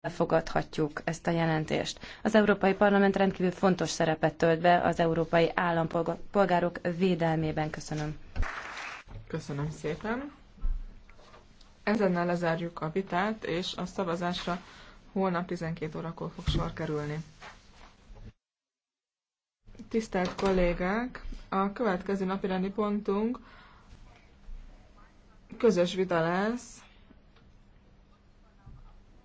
elfogadhatjuk ezt a jelentést. Az Európai Parlament rendkívül fontos szerepet tölt be az európai állampolgárok védelmében. Köszönöm. Köszönöm szépen. Ezennel lezárjuk a vitát, és a szavazásra holnap 12 órakor fog sor kerülni. Tisztelt kollégák, a következő napirendi pontunk közös vita lesz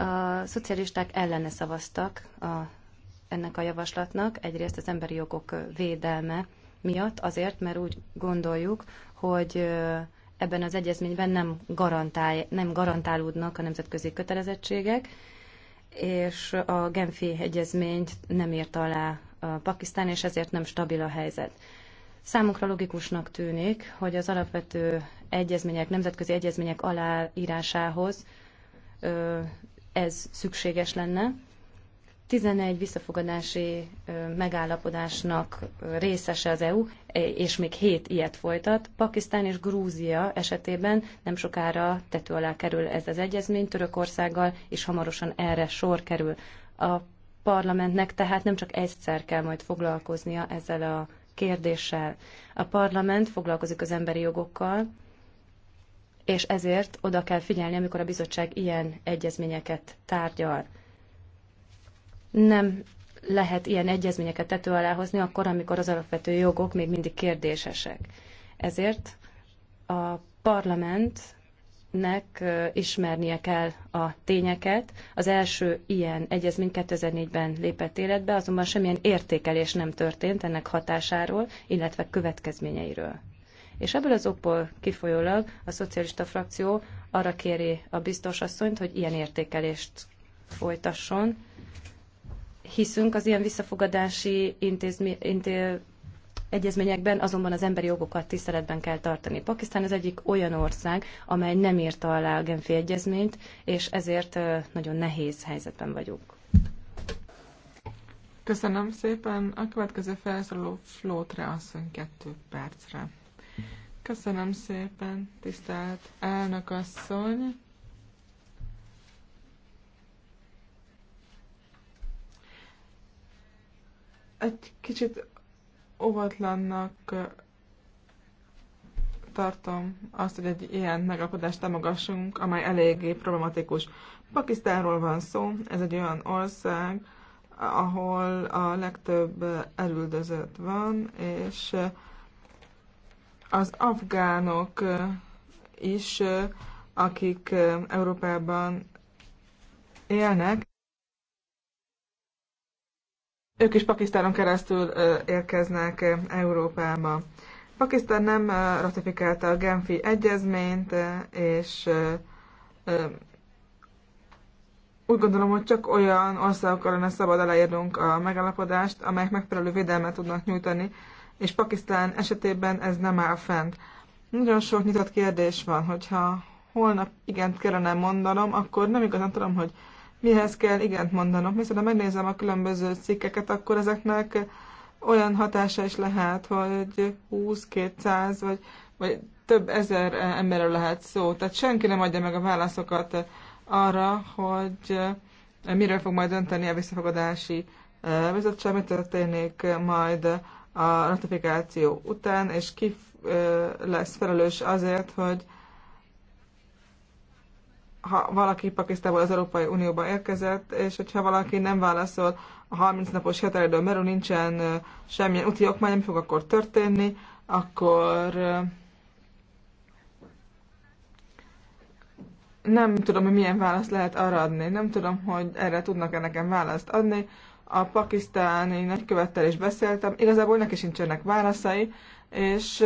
A szocialisták ellene szavaztak a, ennek a javaslatnak, egyrészt az emberi jogok védelme miatt, azért, mert úgy gondoljuk, hogy ebben az egyezményben nem, garantál, nem garantálódnak a nemzetközi kötelezettségek, és a Genfi egyezményt nem írt alá a Pakisztán, és ezért nem stabil a helyzet. Számunkra logikusnak tűnik, hogy az alapvető egyezmények, nemzetközi egyezmények aláírásához ez szükséges lenne. 11 visszafogadási megállapodásnak részese az EU, és még 7 ilyet folytat. Pakisztán és Grúzia esetében nem sokára tető alá kerül ez az egyezmény Törökországgal, és hamarosan erre sor kerül. A parlamentnek tehát nem csak egyszer kell majd foglalkoznia ezzel a kérdéssel. A parlament foglalkozik az emberi jogokkal, és ezért oda kell figyelni, amikor a bizottság ilyen egyezményeket tárgyal. Nem lehet ilyen egyezményeket tető alá hozni akkor, amikor az alapvető jogok még mindig kérdésesek. Ezért a parlamentnek ismernie kell a tényeket. Az első ilyen egyezmény 2004-ben lépett életbe, azonban semmilyen értékelés nem történt ennek hatásáról, illetve következményeiről. És ebből az okból kifolyólag a szocialista frakció arra kéri a biztos asszonyt, hogy ilyen értékelést folytasson. Hiszünk az ilyen visszafogadási intézmi, egyezményekben, azonban az emberi jogokat tiszteletben kell tartani. Pakisztán az egyik olyan ország, amely nem írta alá a Genfi egyezményt, és ezért nagyon nehéz helyzetben vagyunk. Köszönöm szépen. A következő felszóló Flótra asszony kettő percre. Köszönöm szépen, tisztelt elnök asszony. Egy kicsit óvatlannak tartom azt, hogy egy ilyen megalkodást támogassunk, amely eléggé problematikus. Pakisztánról van szó, ez egy olyan ország, ahol a legtöbb elüldözött van, és az afgánok is, akik Európában élnek, ők is Pakisztánon keresztül érkeznek Európába. Pakisztán nem ratifikálta a Genfi egyezményt, és úgy gondolom, hogy csak olyan országokkal lenne szabad aláírnunk a megállapodást, amelyek megfelelő védelmet tudnak nyújtani és Pakisztán esetében ez nem áll fent. Nagyon sok nyitott kérdés van, hogyha holnap igent kellene mondanom, akkor nem igazán tudom, hogy mihez kell igent mondanom, Viszont ha megnézem a különböző cikkeket, akkor ezeknek olyan hatása is lehet, hogy 20-200 vagy, vagy több ezer emberről lehet szó. Tehát senki nem adja meg a válaszokat arra, hogy miről fog majd dönteni a visszafogadási bizottság, mi történik majd a ratifikáció után, és ki lesz felelős azért, hogy ha valaki Pakisztából az Európai Unióba érkezett, és hogyha valaki nem válaszol a 30 napos határidőn belül nincsen semmilyen úti okmány, mi fog akkor történni, akkor nem tudom, hogy milyen választ lehet arra adni. Nem tudom, hogy erre tudnak-e nekem választ adni a pakisztáni nagykövettel is beszéltem, igazából neki sincsenek válaszai, és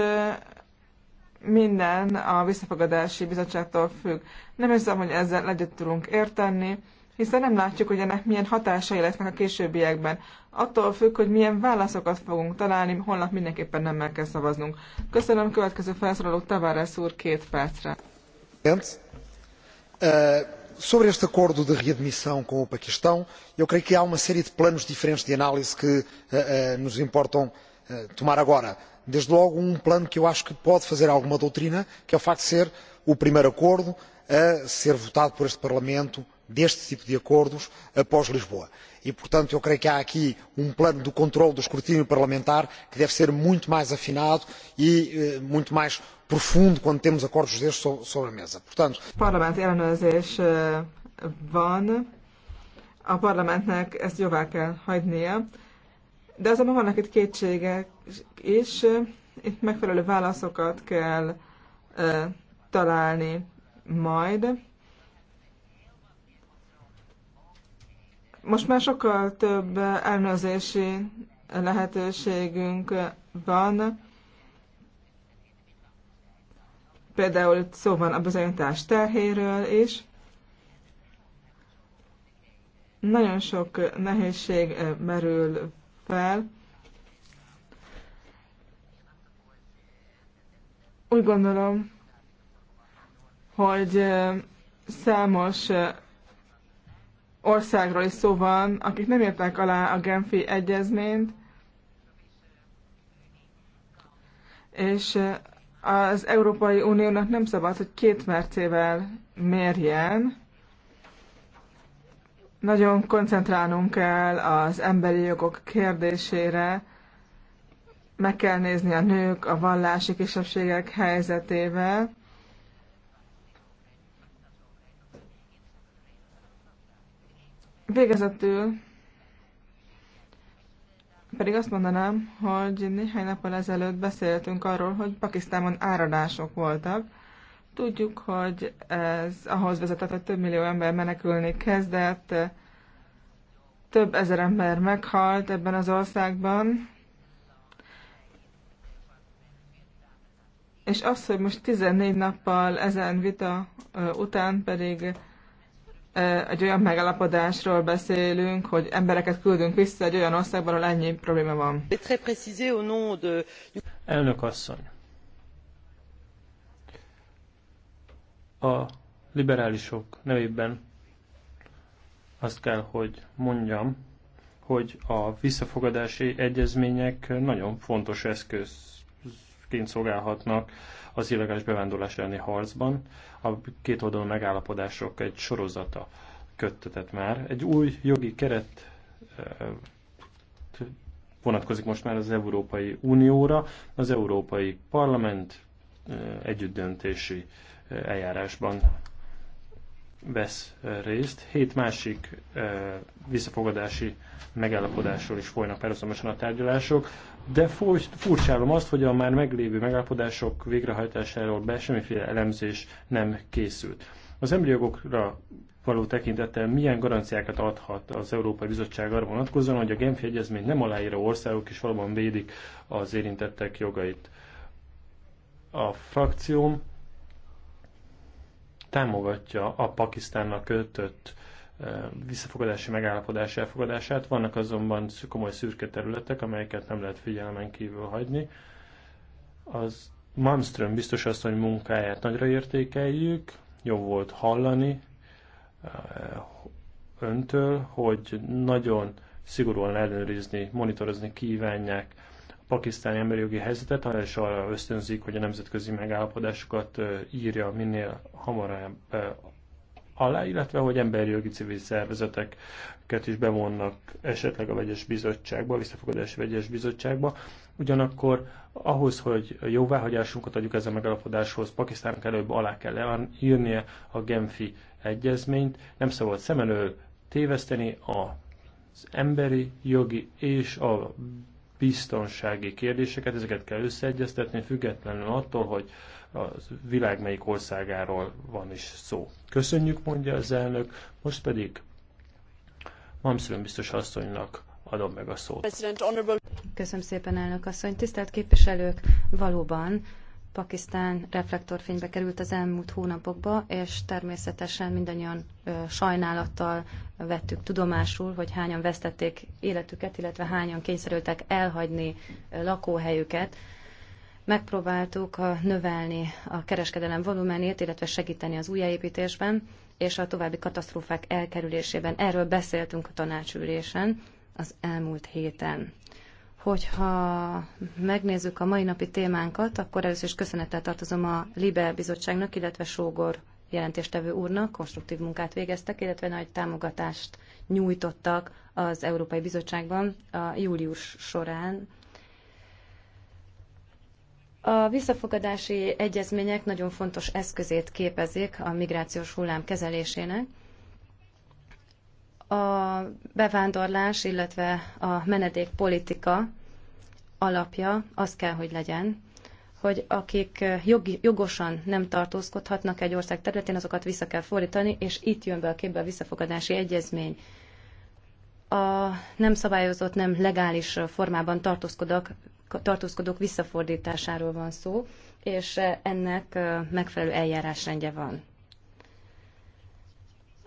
minden a visszafogadási bizottságtól függ. Nem hiszem, hogy ezzel legyet tudunk érteni, hiszen nem látjuk, hogy ennek milyen hatásai lesznek a későbbiekben. Attól függ, hogy milyen válaszokat fogunk találni, holnap mindenképpen nem meg kell szavaznunk. Köszönöm, következő felszólaló Tavares úr két percre. Uh sobre este acordo de readmissão com o paquistão eu creio que há uma série de planos diferentes de análise que eh, eh, nos importa eh, tomar agora. desde logo um plano que eu acho que pode fazer alguma doutrina que é o facto de ser o primeiro acordo a ser votado por este parlamento deste tipo de acordos após lisboa e portanto eu creio que há aqui um plano de controle do escrutínio parlamentar que deve ser muito mais afinado e eh, muito mais profundo quando temos acordos destes sobre a mesa. portanto parlament ellenőrzés eh, van a parlamentnek ezt jóvá kell hagynia de azonban vannak itt kétségek és itt megfelelő válaszokat kell eh, találni majd Most már sokkal több elnőzési lehetőségünk van. Például itt szó van a bizonyítás terhéről is. Nagyon sok nehézség eh, merül fel. Úgy gondolom, hogy eh, számos eh, országról is szó van, akik nem értek alá a Genfi egyezményt, és eh, az Európai Uniónak nem szabad, hogy két mercével mérjen. Nagyon koncentrálnunk kell az emberi jogok kérdésére, meg kell nézni a nők, a vallási kisebbségek helyzetével, Végezetül pedig azt mondanám, hogy néhány nappal ezelőtt beszéltünk arról, hogy Pakisztánon áradások voltak. Tudjuk, hogy ez ahhoz vezetett, hogy több millió ember menekülni kezdett, több ezer ember meghalt ebben az országban. És az, hogy most 14 nappal ezen vita után pedig egy olyan megállapodásról beszélünk, hogy embereket küldünk vissza egy olyan országba, ahol ennyi probléma van. Elnök asszony. A liberálisok nevében azt kell, hogy mondjam, hogy a visszafogadási egyezmények nagyon fontos eszközként szolgálhatnak az illegális bevándorlás elleni harcban a két oldalon megállapodások egy sorozata köttetett már. Egy új jogi keret eh, vonatkozik most már az Európai Unióra, az Európai Parlament eh, együttdöntési eh, eljárásban vesz részt. Hét másik visszafogadási megállapodásról is folynak párhuzamosan a tárgyalások de furcsálom azt, hogy a már meglévő megállapodások végrehajtásáról be semmiféle elemzés nem készült. Az emberi jogokra való tekintettel milyen garanciákat adhat az Európai Bizottság arra vonatkozóan, hogy a Genfi Egyezmény nem aláíró országok is valóban védik az érintettek jogait. A frakcióm támogatja a Pakisztánnak kötött visszafogadási megállapodás elfogadását. Vannak azonban komoly szürke területek, amelyeket nem lehet figyelmen kívül hagyni. Az Malmström biztos azt hogy munkáját nagyra értékeljük, jó volt hallani öntől, hogy nagyon szigorúan ellenőrizni, monitorozni kívánják a pakisztáni emberi jogi helyzetet, és arra ösztönzik, hogy a nemzetközi megállapodásokat írja minél hamarabb alá, illetve hogy jogi civil szervezeteket is bevonnak esetleg a vegyes bizottságba, a visszafogadási vegyes bizottságba. Ugyanakkor ahhoz, hogy jóváhagyásunkat adjuk ezen megalapodáshoz, Pakisztánnak előbb alá kell írnie a Genfi egyezményt. Nem szabad szem elől téveszteni az emberi, jogi és a biztonsági kérdéseket, ezeket kell összeegyeztetni, függetlenül attól, hogy a világ melyik országáról van is szó. Köszönjük, mondja az elnök, most pedig Malmström biztos asszonynak adom meg a szót. Köszönöm szépen, elnök asszony. Tisztelt képviselők, valóban Pakisztán reflektorfénybe került az elmúlt hónapokba, és természetesen mindannyian ö, sajnálattal vettük tudomásul, hogy hányan vesztették életüket, illetve hányan kényszerültek elhagyni ö, lakóhelyüket megpróbáltuk uh, növelni a kereskedelem volumenét, illetve segíteni az újjáépítésben és a további katasztrófák elkerülésében. Erről beszéltünk a tanácsülésen az elmúlt héten. Hogyha megnézzük a mai napi témánkat, akkor először is köszönettel tartozom a Libe Bizottságnak, illetve Sógor jelentéstevő úrnak, konstruktív munkát végeztek, illetve nagy támogatást nyújtottak az Európai Bizottságban a július során a visszafogadási egyezmények nagyon fontos eszközét képezik a migrációs hullám kezelésének. A bevándorlás, illetve a menedékpolitika alapja az kell, hogy legyen, hogy akik jogi, jogosan nem tartózkodhatnak egy ország területén, azokat vissza kell fordítani, és itt jön be a képbe a visszafogadási egyezmény. A nem szabályozott, nem legális formában tartózkodók tartózkodók visszafordításáról van szó, és eh, ennek eh, megfelelő eljárásrendje van.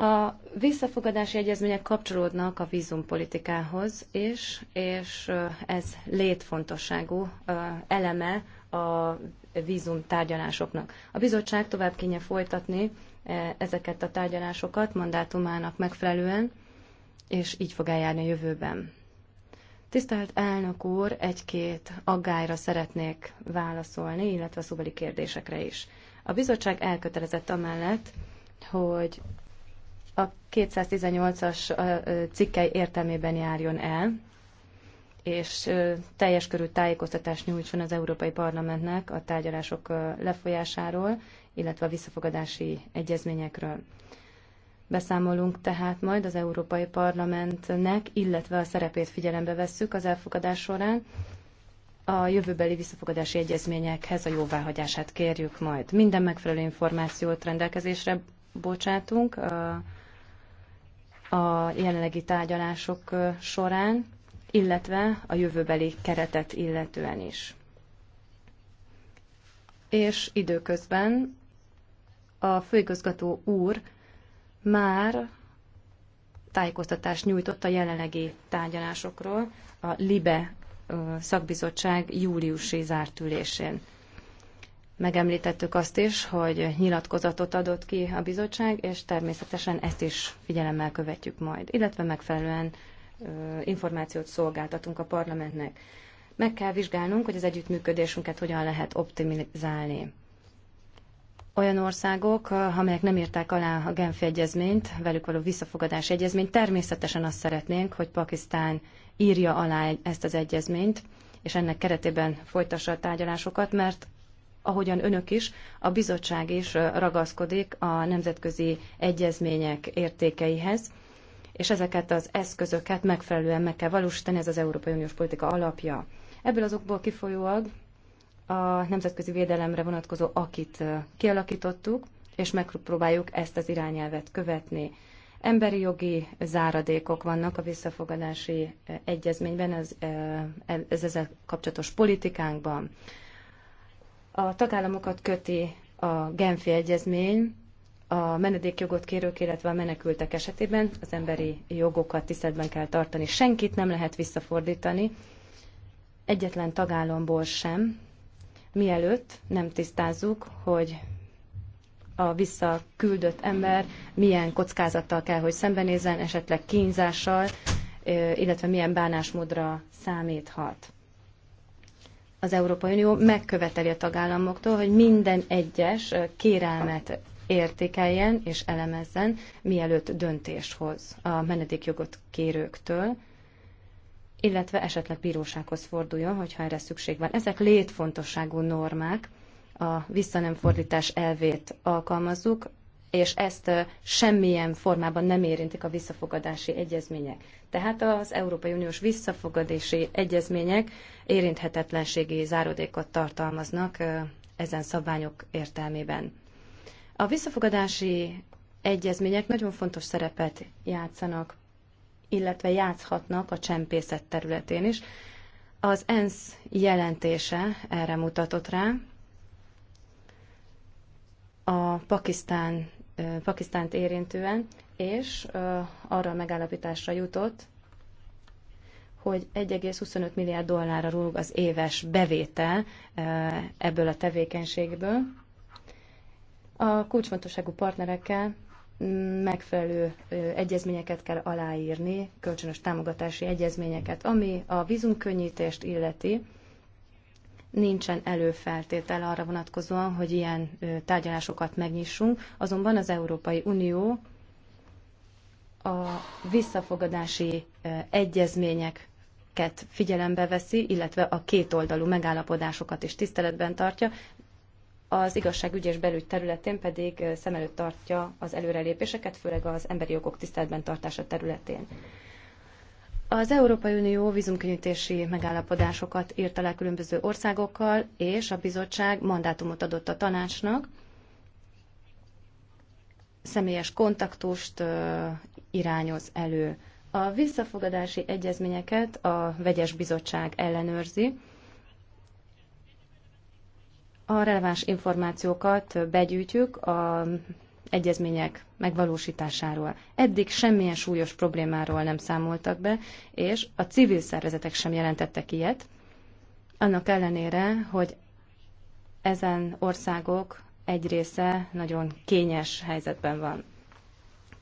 A visszafogadási egyezmények kapcsolódnak a vízumpolitikához és, és eh, ez létfontosságú eleme a vízum tárgyalásoknak. A bizottság tovább kéne folytatni ezeket a tárgyalásokat mandátumának megfelelően, és így fog eljárni a jövőben. Tisztelt elnök úr, egy-két aggályra szeretnék válaszolni, illetve szóbeli kérdésekre is. A bizottság elkötelezett amellett, hogy a 218-as cikkei értelmében járjon el, és teljes körű tájékoztatást nyújtson az Európai Parlamentnek a tárgyalások lefolyásáról, illetve a visszafogadási egyezményekről. Beszámolunk tehát majd az Európai Parlamentnek, illetve a szerepét figyelembe vesszük az elfogadás során. A jövőbeli visszafogadási egyezményekhez a jóváhagyását kérjük majd. Minden megfelelő információt rendelkezésre bocsátunk a jelenlegi tárgyalások során, illetve a jövőbeli keretet illetően is. És időközben a főigazgató úr már tájékoztatást nyújtott a jelenlegi tárgyalásokról a LIBE szakbizottság júliusi zárt ülésén. Megemlítettük azt is, hogy nyilatkozatot adott ki a bizottság, és természetesen ezt is figyelemmel követjük majd, illetve megfelelően információt szolgáltatunk a parlamentnek. Meg kell vizsgálnunk, hogy az együttműködésünket hogyan lehet optimizálni olyan országok, eh, amelyek nem írták alá a Genfi egyezményt, velük való visszafogadás egyezményt, természetesen azt szeretnénk, hogy Pakisztán írja alá ezt az egyezményt, és ennek keretében folytassa a tárgyalásokat, mert ahogyan önök is, a bizottság is eh, ragaszkodik a nemzetközi egyezmények értékeihez, és ezeket az eszközöket megfelelően meg kell valósítani, ez az Európai Uniós politika alapja. Ebből azokból kifolyólag a nemzetközi védelemre vonatkozó akit kialakítottuk, és megpróbáljuk ezt az irányelvet követni. Emberi jogi záradékok vannak a visszafogadási egyezményben, ez, e, ez ezzel kapcsolatos politikánkban. A tagállamokat köti a Genfi Egyezmény, a menedékjogot kérők, illetve a menekültek esetében az emberi jogokat tiszteletben kell tartani. Senkit nem lehet visszafordítani, egyetlen tagállamból sem, mielőtt nem tisztázzuk, hogy a visszaküldött ember milyen kockázattal kell, hogy szembenézzen, esetleg kínzással, illetve milyen bánásmódra számíthat. Az Európai Unió megköveteli a tagállamoktól, hogy minden egyes kérelmet értékeljen és elemezzen, mielőtt döntés hoz a menedékjogot kérőktől, illetve esetleg bírósághoz forduljon, hogyha erre szükség van. Ezek létfontosságú normák, a visszanemfordítás elvét alkalmazzuk, és ezt semmilyen formában nem érintik a visszafogadási egyezmények. Tehát az Európai Uniós visszafogadási egyezmények érinthetetlenségi záródékot tartalmaznak ezen szabványok értelmében. A visszafogadási egyezmények nagyon fontos szerepet játszanak illetve játszhatnak a csempészet területén is. Az ENSZ jelentése erre mutatott rá. A Pakisztán, Pakisztánt érintően, és arra a megállapításra jutott, hogy 1,25 milliárd dollárra rúg az éves bevétel ebből a tevékenységből. A kulcsfontosságú partnerekkel megfelelő egyezményeket kell aláírni, kölcsönös támogatási egyezményeket, ami a vízumkönnyítést illeti. Nincsen előfeltétel arra vonatkozóan, hogy ilyen tárgyalásokat megnyissunk, azonban az Európai Unió a visszafogadási egyezmények figyelembe veszi, illetve a kétoldalú megállapodásokat is tiszteletben tartja, az igazságügy és belügy területén pedig szem előtt tartja az előrelépéseket, főleg az emberi jogok tiszteletben tartása területén. Az Európai Unió vízumkönnyítési megállapodásokat írt alá különböző országokkal, és a bizottság mandátumot adott a tanácsnak, személyes kontaktust irányoz elő. A visszafogadási egyezményeket a vegyes bizottság ellenőrzi, a releváns információkat begyűjtjük a egyezmények megvalósításáról. Eddig semmilyen súlyos problémáról nem számoltak be, és a civil szervezetek sem jelentettek ilyet, annak ellenére, hogy ezen országok egy része nagyon kényes helyzetben van.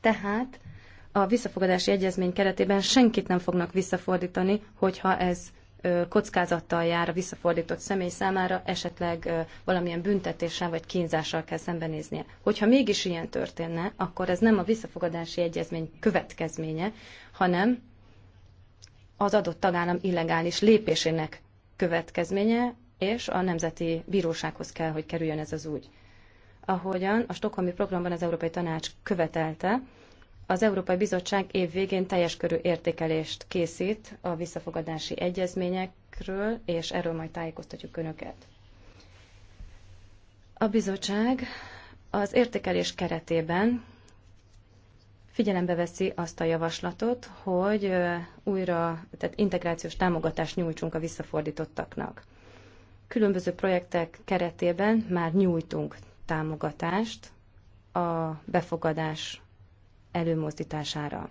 Tehát a visszafogadási egyezmény keretében senkit nem fognak visszafordítani, hogyha ez kockázattal jár a visszafordított személy számára, esetleg valamilyen büntetéssel vagy kínzással kell szembenéznie. Hogyha mégis ilyen történne, akkor ez nem a visszafogadási egyezmény következménye, hanem az adott tagállam illegális lépésének következménye, és a Nemzeti Bírósághoz kell, hogy kerüljön ez az úgy. Ahogyan a Stockholmi programban az Európai Tanács követelte, az Európai Bizottság év végén teljes körű értékelést készít a visszafogadási egyezményekről, és erről majd tájékoztatjuk Önöket. A bizottság az értékelés keretében figyelembe veszi azt a javaslatot, hogy újra, tehát integrációs támogatást nyújtsunk a visszafordítottaknak. Különböző projektek keretében már nyújtunk támogatást a befogadás előmozdítására.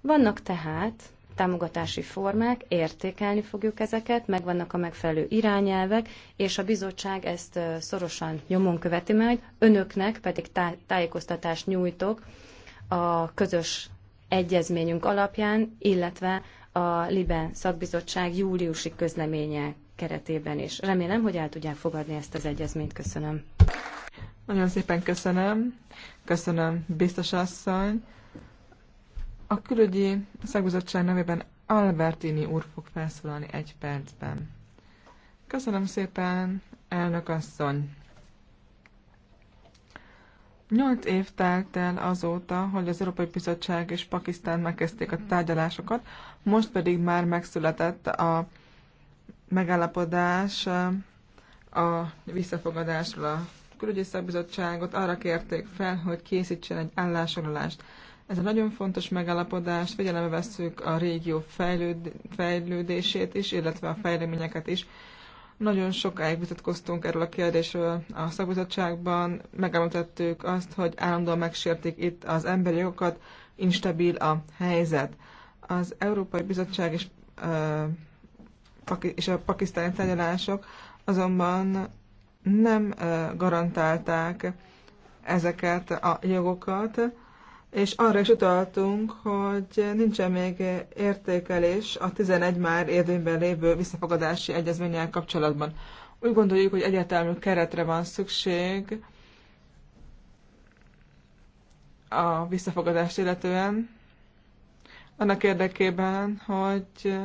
Vannak tehát támogatási formák, értékelni fogjuk ezeket, megvannak a megfelelő irányelvek, és a bizottság ezt szorosan nyomon követi majd, önöknek pedig tájékoztatást nyújtok a közös egyezményünk alapján, illetve a LIBE szakbizottság júliusi közleménye keretében is. Remélem, hogy el tudják fogadni ezt az egyezményt. Köszönöm. Nagyon szépen köszönöm. Köszönöm, biztos asszony. A külügyi szakbizottság nevében Albertini úr fog felszólalni egy percben. Köszönöm szépen, elnök asszony. Nyolc év telt el azóta, hogy az Európai Bizottság és Pakisztán megkezdték a tárgyalásokat, most pedig már megszületett a megállapodás a visszafogadásról a külügyi szakbizottságot arra kérték fel, hogy készítsen egy állásolást. Ez a nagyon fontos megállapodás, figyelembe veszük a régió fejlőd, fejlődését is, illetve a fejleményeket is. Nagyon sokáig vitatkoztunk erről a kérdésről a szakbizottságban, megállapítottuk azt, hogy állandóan megsértik itt az emberi jogokat, instabil a helyzet. Az Európai Bizottság és, és a pakisztáni tárgyalások azonban nem garantálták ezeket a jogokat, és arra is utaltunk, hogy nincsen még értékelés a 11 már érvényben lévő visszafogadási egyezménnyel kapcsolatban. Úgy gondoljuk, hogy egyetemű keretre van szükség a visszafogadást illetően, annak érdekében, hogy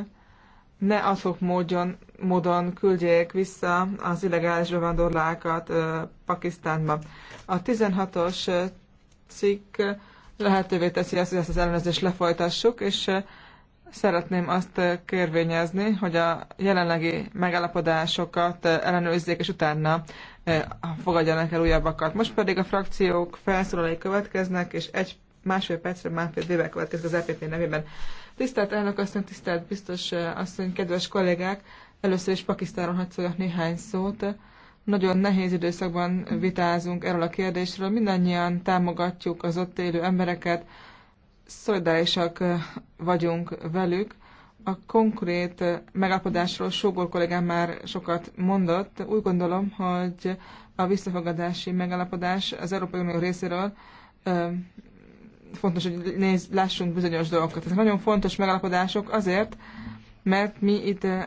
ne azok módon, módon küldjék vissza az illegális bevándorlákat Pakisztánba. A 16-os cikk lehetővé teszi azt, hogy ezt az ellenőrzést lefolytassuk, és szeretném azt kérvényezni, hogy a jelenlegi megállapodásokat ellenőrizzék, és utána fogadjanak el újabbakat. Most pedig a frakciók felszólalai következnek, és egy másfél percre már fél következik az EPP nevében. Tisztelt elnök asszony, tisztelt biztos asszony, kedves kollégák! Először is Pakisztáron hadd szóljak néhány szót. Nagyon nehéz időszakban vitázunk erről a kérdésről. Mindannyian támogatjuk az ott élő embereket, szolidálisak vagyunk velük. A konkrét megállapodásról Sógor kollégám már sokat mondott. Úgy gondolom, hogy a visszafogadási megállapodás az Európai Unió részéről fontos, hogy néz, lássunk bizonyos dolgokat. Ezek nagyon fontos megalapodások azért, mert mi itt eh,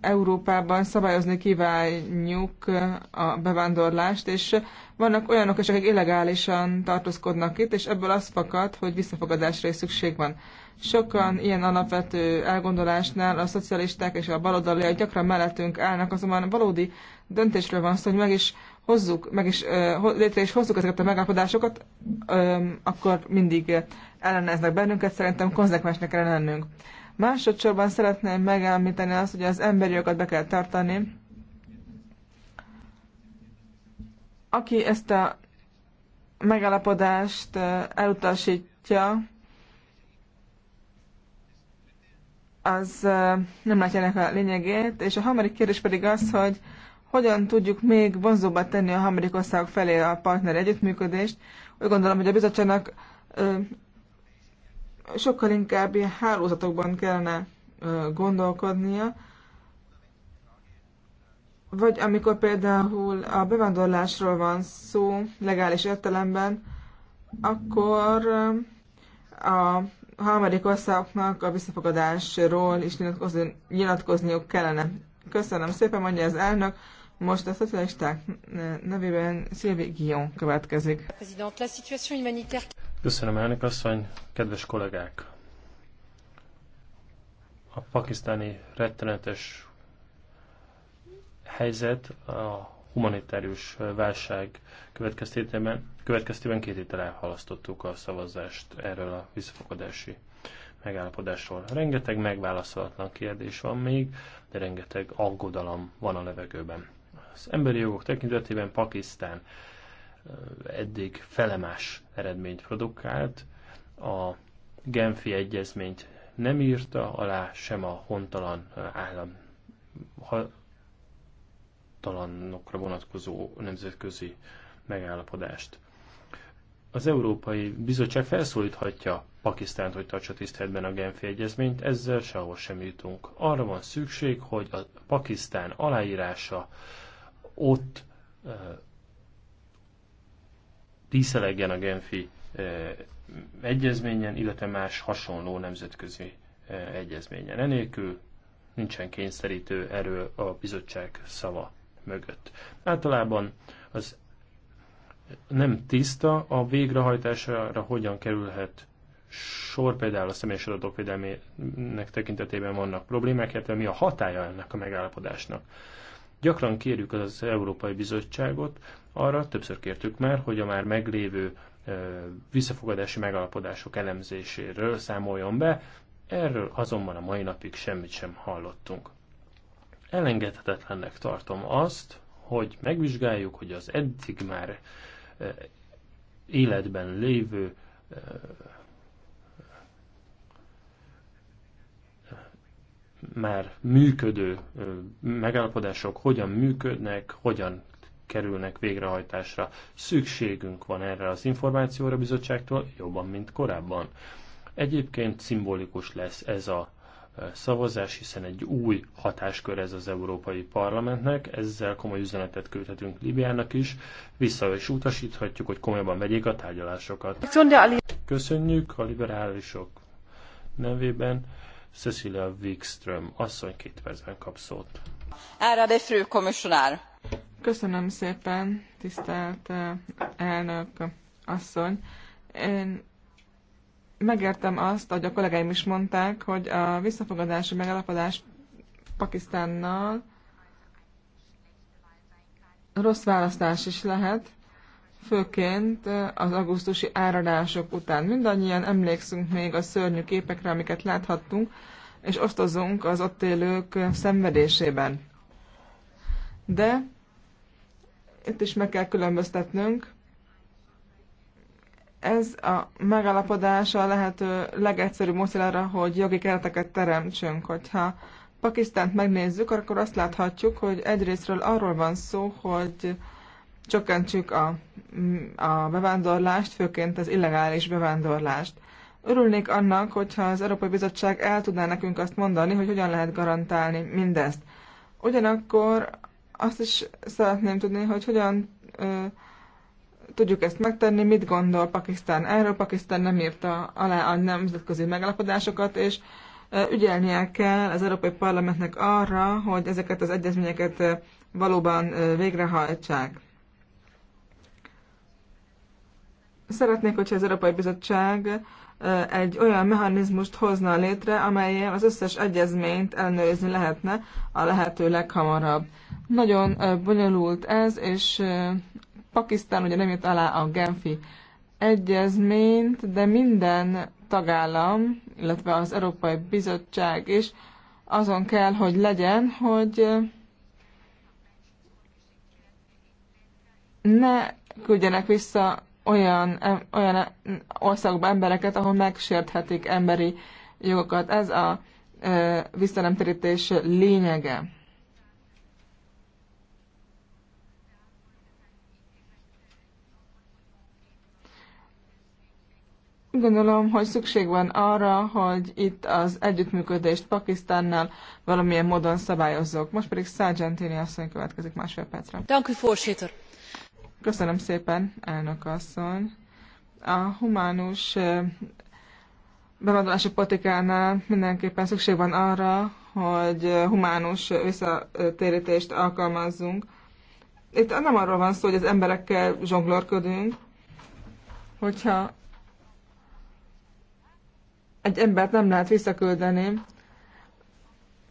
Európában szabályozni kívánjuk eh, a bevándorlást, és eh, vannak olyanok is, akik illegálisan tartózkodnak itt, és ebből az fakad, hogy visszafogadásra is szükség van. Sokan ilyen alapvető elgondolásnál a szocialisták és a baloldaliak gyakran mellettünk állnak, azonban valódi döntésről van szó, hogy meg is hozzuk, meg is, létre is hozzuk ezeket a megállapodásokat, akkor mindig elleneznek bennünket, szerintem konzekvensnek kell lennünk. Másodszorban szeretném megállítani azt, hogy az emberi jogokat be kell tartani. Aki ezt a megállapodást elutasítja, az nem látja ennek a lényegét, és a harmadik kérdés pedig az, hogy hogyan tudjuk még vonzóbbá tenni a harmadik országok felé a partner együttműködést. Úgy gondolom, hogy a bizottságnak ö, sokkal inkább ilyen hálózatokban kellene ö, gondolkodnia, vagy amikor például a bevándorlásról van szó legális értelemben, akkor a harmadik országoknak a visszafogadásról is nyilatkozniuk kellene. Köszönöm szépen, mondja az elnök. Most a szocialisták nevében Szilvi Guillon következik. Köszönöm, elnök asszony, kedves kollégák! A pakisztáni rettenetes helyzet a humanitárius válság következtében, következtében két héttel elhalasztottuk a szavazást erről a visszafogadási megállapodásról. Rengeteg megválaszolatlan kérdés van még, de rengeteg aggodalom van a levegőben. Az emberi jogok tekintetében Pakisztán eddig felemás eredményt produkált, a Genfi egyezményt nem írta alá, sem a hontalan állam talannokra vonatkozó nemzetközi megállapodást. Az Európai Bizottság felszólíthatja Pakisztánt, hogy tartsa tiszteletben a Genfi Egyezményt, ezzel sehol sem jutunk. Arra van szükség, hogy a Pakisztán aláírása ott díszelegjen a Genfi egyezményen, illetve más hasonló nemzetközi egyezményen. Enélkül nincsen kényszerítő erő a bizottság szava mögött. Általában az nem tiszta, a végrehajtására hogyan kerülhet sor, például a személyes adatok védelmének tekintetében vannak problémák, illetve mi a hatája ennek a megállapodásnak. Gyakran kérjük az Európai Bizottságot, arra többször kértük már, hogy a már meglévő visszafogadási megállapodások elemzéséről számoljon be, erről azonban a mai napig semmit sem hallottunk. Elengedhetetlennek tartom azt, hogy megvizsgáljuk, hogy az eddig már életben lévő már működő megállapodások hogyan működnek, hogyan kerülnek végrehajtásra. Szükségünk van erre az információra bizottságtól jobban, mint korábban. Egyébként szimbolikus lesz ez a szavazás, hiszen egy új hatáskör ez az Európai Parlamentnek, ezzel komoly üzenetet küldhetünk Libyának is, vissza is utasíthatjuk, hogy komolyabban vegyék a tárgyalásokat. Köszönjük a liberálisok nevében. Cecilia Wikström asszony két percben kap szót. Árade frő komissionár. Köszönöm szépen, tisztelt eh, elnök asszony. Én megértem azt, hogy a kollégáim is mondták, hogy a visszafogadási megalapodás Pakisztánnal rossz választás is lehet, főként az augusztusi áradások után. Mindannyian emlékszünk még a szörnyű képekre, amiket láthattunk, és osztozunk az ott élők szenvedésében. De itt is meg kell különböztetnünk. Ez a megállapodás a lehető legegyszerűbb módszer arra, hogy jogi kereteket teremtsünk. Hogyha Pakisztánt megnézzük, akkor azt láthatjuk, hogy egyrésztről arról van szó, hogy csökkentsük a a bevándorlást, főként az illegális bevándorlást. Örülnék annak, hogyha az Európai Bizottság el tudná nekünk azt mondani, hogy hogyan lehet garantálni mindezt. Ugyanakkor azt is szeretném tudni, hogy hogyan ö, tudjuk ezt megtenni, mit gondol Pakisztán erről. Pakisztán nem írta alá a nemzetközi megalapodásokat, és ö, ügyelnie kell az Európai Parlamentnek arra, hogy ezeket az egyezményeket ö, valóban ö, végrehajtsák. Szeretnék, hogyha az Európai Bizottság egy olyan mechanizmust hozna létre, amelyen az összes egyezményt ellenőrizni lehetne a lehető leghamarabb. Nagyon bonyolult ez, és Pakisztán ugye nem jött alá a Genfi egyezményt, de minden tagállam, illetve az Európai Bizottság is azon kell, hogy legyen, hogy ne küldjenek vissza olyan, olyan országokba embereket, ahol megsérthetik emberi jogokat. Ez a visszanemtérítés lényege. Gondolom, hogy szükség van arra, hogy itt az együttműködést Pakisztánnal valamilyen módon szabályozzuk. Most pedig Sargentini asszony következik másfél percre. Dank Köszönöm szépen, elnök asszony. A humánus bevándorlási politikánál mindenképpen szükség van arra, hogy humánus visszatérítést alkalmazzunk. Itt nem arról van szó, hogy az emberekkel zsonglorködünk, hogyha egy embert nem lehet visszaküldeni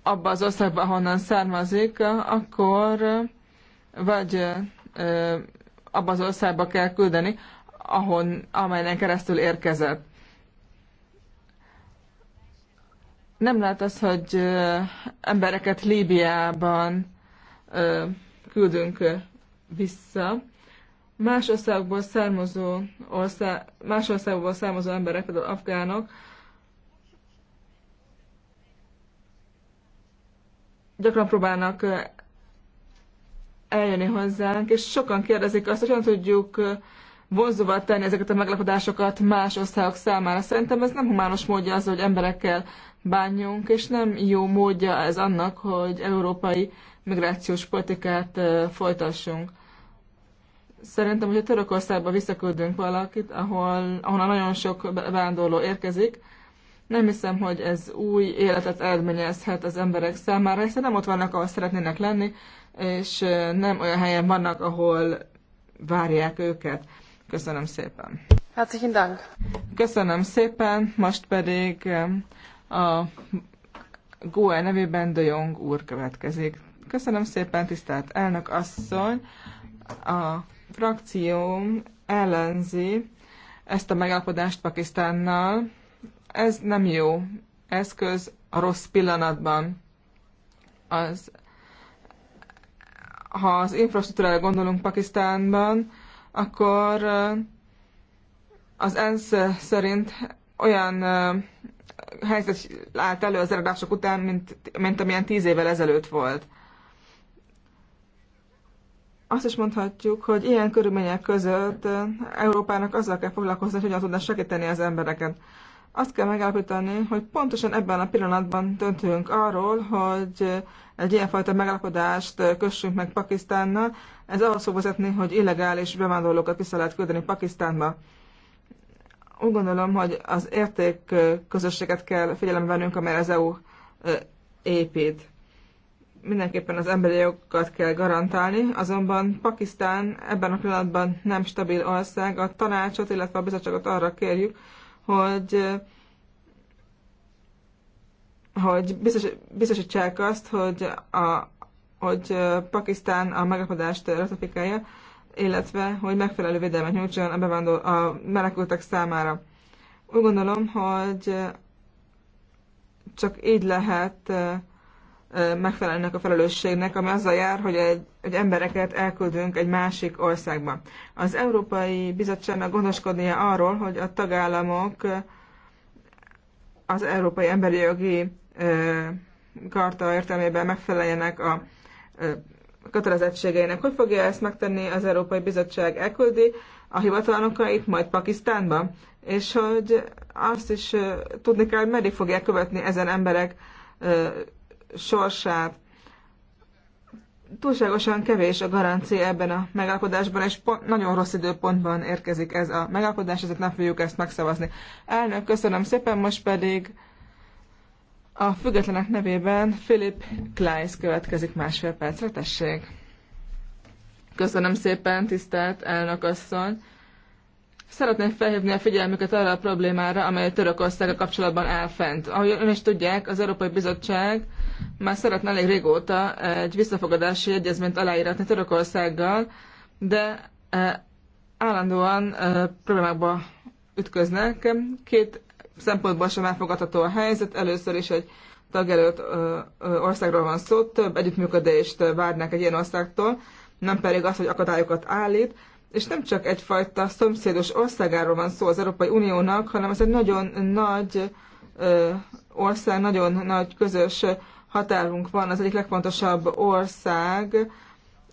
abba az országba, honnan származik, akkor vagy abba az országba kell küldeni, ahon, amelyen keresztül érkezett. Nem lehet az, hogy embereket Líbiában küldünk vissza. Más országból származó, ország, más országból származó emberek, például afgánok, gyakran próbálnak eljönni hozzánk, és sokan kérdezik azt, hogyan tudjuk vonzóvá tenni ezeket a meglepadásokat más osztályok számára. Szerintem ez nem humános módja az, hogy emberekkel bánjunk, és nem jó módja ez annak, hogy európai migrációs politikát folytassunk. Szerintem, hogyha Törökországba visszaküldünk valakit, ahol, ahonnan nagyon sok vándorló érkezik, nem hiszem, hogy ez új életet eredményezhet az emberek számára, hiszen nem ott vannak, ahol szeretnének lenni, és nem olyan helyen vannak, ahol várják őket. Köszönöm szépen. Herzlichen Dank. Köszönöm szépen, most pedig a Goe nevében De Jong úr következik. Köszönöm szépen, tisztelt elnök asszony. A frakcióm ellenzi ezt a megállapodást Pakisztánnal. Ez nem jó eszköz a rossz pillanatban. Az ha az infrastruktúrára gondolunk Pakisztánban, akkor az ENSZ szerint olyan helyzet állt elő az eredások után, mint, mint amilyen tíz évvel ezelőtt volt. Azt is mondhatjuk, hogy ilyen körülmények között Európának azzal kell foglalkozni, hogy hogyan tudna segíteni az embereket. Azt kell megállapítani, hogy pontosan ebben a pillanatban döntünk arról, hogy egy ilyenfajta megalapodást kössünk meg Pakisztánnal. Ez ahhoz fog vezetni, hogy illegális bevándorlókat vissza lehet küldeni Pakisztánba. Úgy gondolom, hogy az érték közösséget kell figyelembe vennünk, amely az EU épít. Mindenképpen az emberi jogokat kell garantálni, azonban Pakisztán ebben a pillanatban nem stabil ország. A tanácsot, illetve a bizottságot arra kérjük, hogy hogy biztos, biztosítsák azt, hogy, a, hogy Pakisztán a megapadást ratifikálja, illetve hogy megfelelő védelmet nyújtson a, bevándor, a menekültek számára. Úgy gondolom, hogy csak így lehet megfelelni a felelősségnek, ami azzal jár, hogy egy, egy embereket elküldünk egy másik országba. Az Európai Bizottságnak gondoskodnia arról, hogy a tagállamok az Európai Emberi Jogi karta értelmében megfeleljenek a kötelezettségeinek. Hogy fogja ezt megtenni az Európai Bizottság? Elküldi a hivatalnokait majd Pakisztánba? És hogy azt is tudni kell, meddig fogják követni ezen emberek sorsát. Túlságosan kevés a garancia ebben a megállapodásban, és pont, nagyon rossz időpontban érkezik ez a megállapodás, ezért nem fogjuk ezt megszavazni. Elnök, köszönöm szépen, most pedig a függetlenek nevében Philip Kleiss következik másfél percre, tessék. Köszönöm szépen, tisztelt elnök asszony. Szeretném felhívni a figyelmüket arra a problémára, amely Törökországgal kapcsolatban áll fent. Ahogy ön is tudják, az Európai Bizottság már szeretne elég régóta egy visszafogadási egyezményt aláíratni Törökországgal, de eh, állandóan eh, problémákba ütköznek. Két szempontból sem elfogadható a helyzet. Először is egy tagjelölt országról van szó, több együttműködést várnak egy ilyen országtól, nem pedig az, hogy akadályokat állít. És nem csak egyfajta szomszédos országáról van szó az Európai Uniónak, hanem ez egy nagyon nagy ország, nagyon nagy közös határunk van, az egyik legfontosabb ország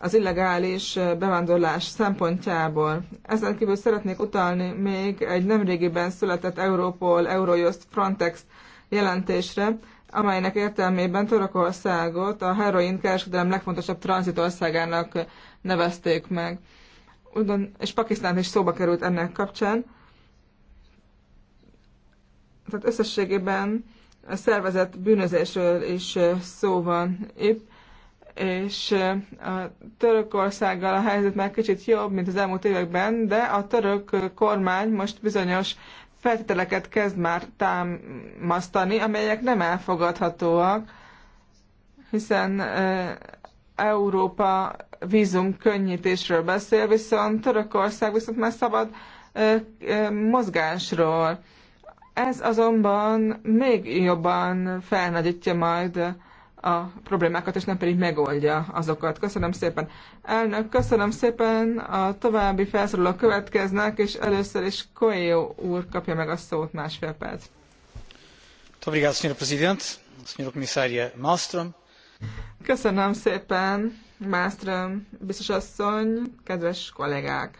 az illegális bevándorlás szempontjából. Ezen kívül szeretnék utalni még egy nemrégiben született Europol, Eurojust, Frontex jelentésre, amelynek értelmében Törökországot a heroin kereskedelem legfontosabb tranzitországának nevezték meg. Ugyan, és Pakisztán is szóba került ennek kapcsán. Tehát összességében a szervezett bűnözésről is szó van itt és a Törökországgal a helyzet már kicsit jobb, mint az elmúlt években, de a török kormány most bizonyos feltételeket kezd már támasztani, amelyek nem elfogadhatóak, hiszen Európa vízum könnyítésről beszél, viszont Törökország viszont már szabad mozgásról. Ez azonban még jobban felnagyítja majd a problémákat, és nem pedig megoldja azokat. Köszönöm szépen. Elnök, köszönöm szépen. A további felszólalók következnek, és először is Koeo úr kapja meg a szót másfél perc. Köszönöm szépen, Malmström, biztos asszony, kedves kollégák!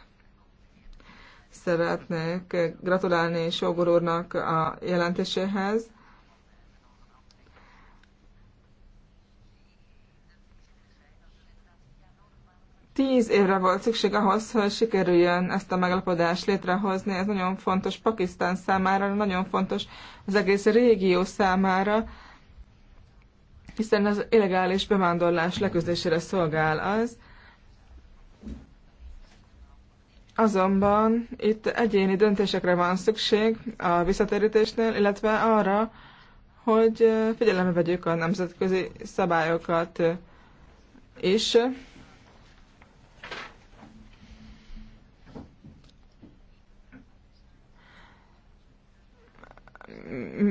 Szeretnék gratulálni Sógor úrnak a jelentéséhez Tíz évre volt szükség ahhoz, hogy sikerüljön ezt a megalapodást létrehozni. Ez nagyon fontos Pakisztán számára, nagyon fontos az egész régió számára, hiszen az illegális bevándorlás leküzdésére szolgál az. Azonban itt egyéni döntésekre van szükség a visszatérítésnél, illetve arra, hogy figyelembe vegyük a nemzetközi szabályokat is.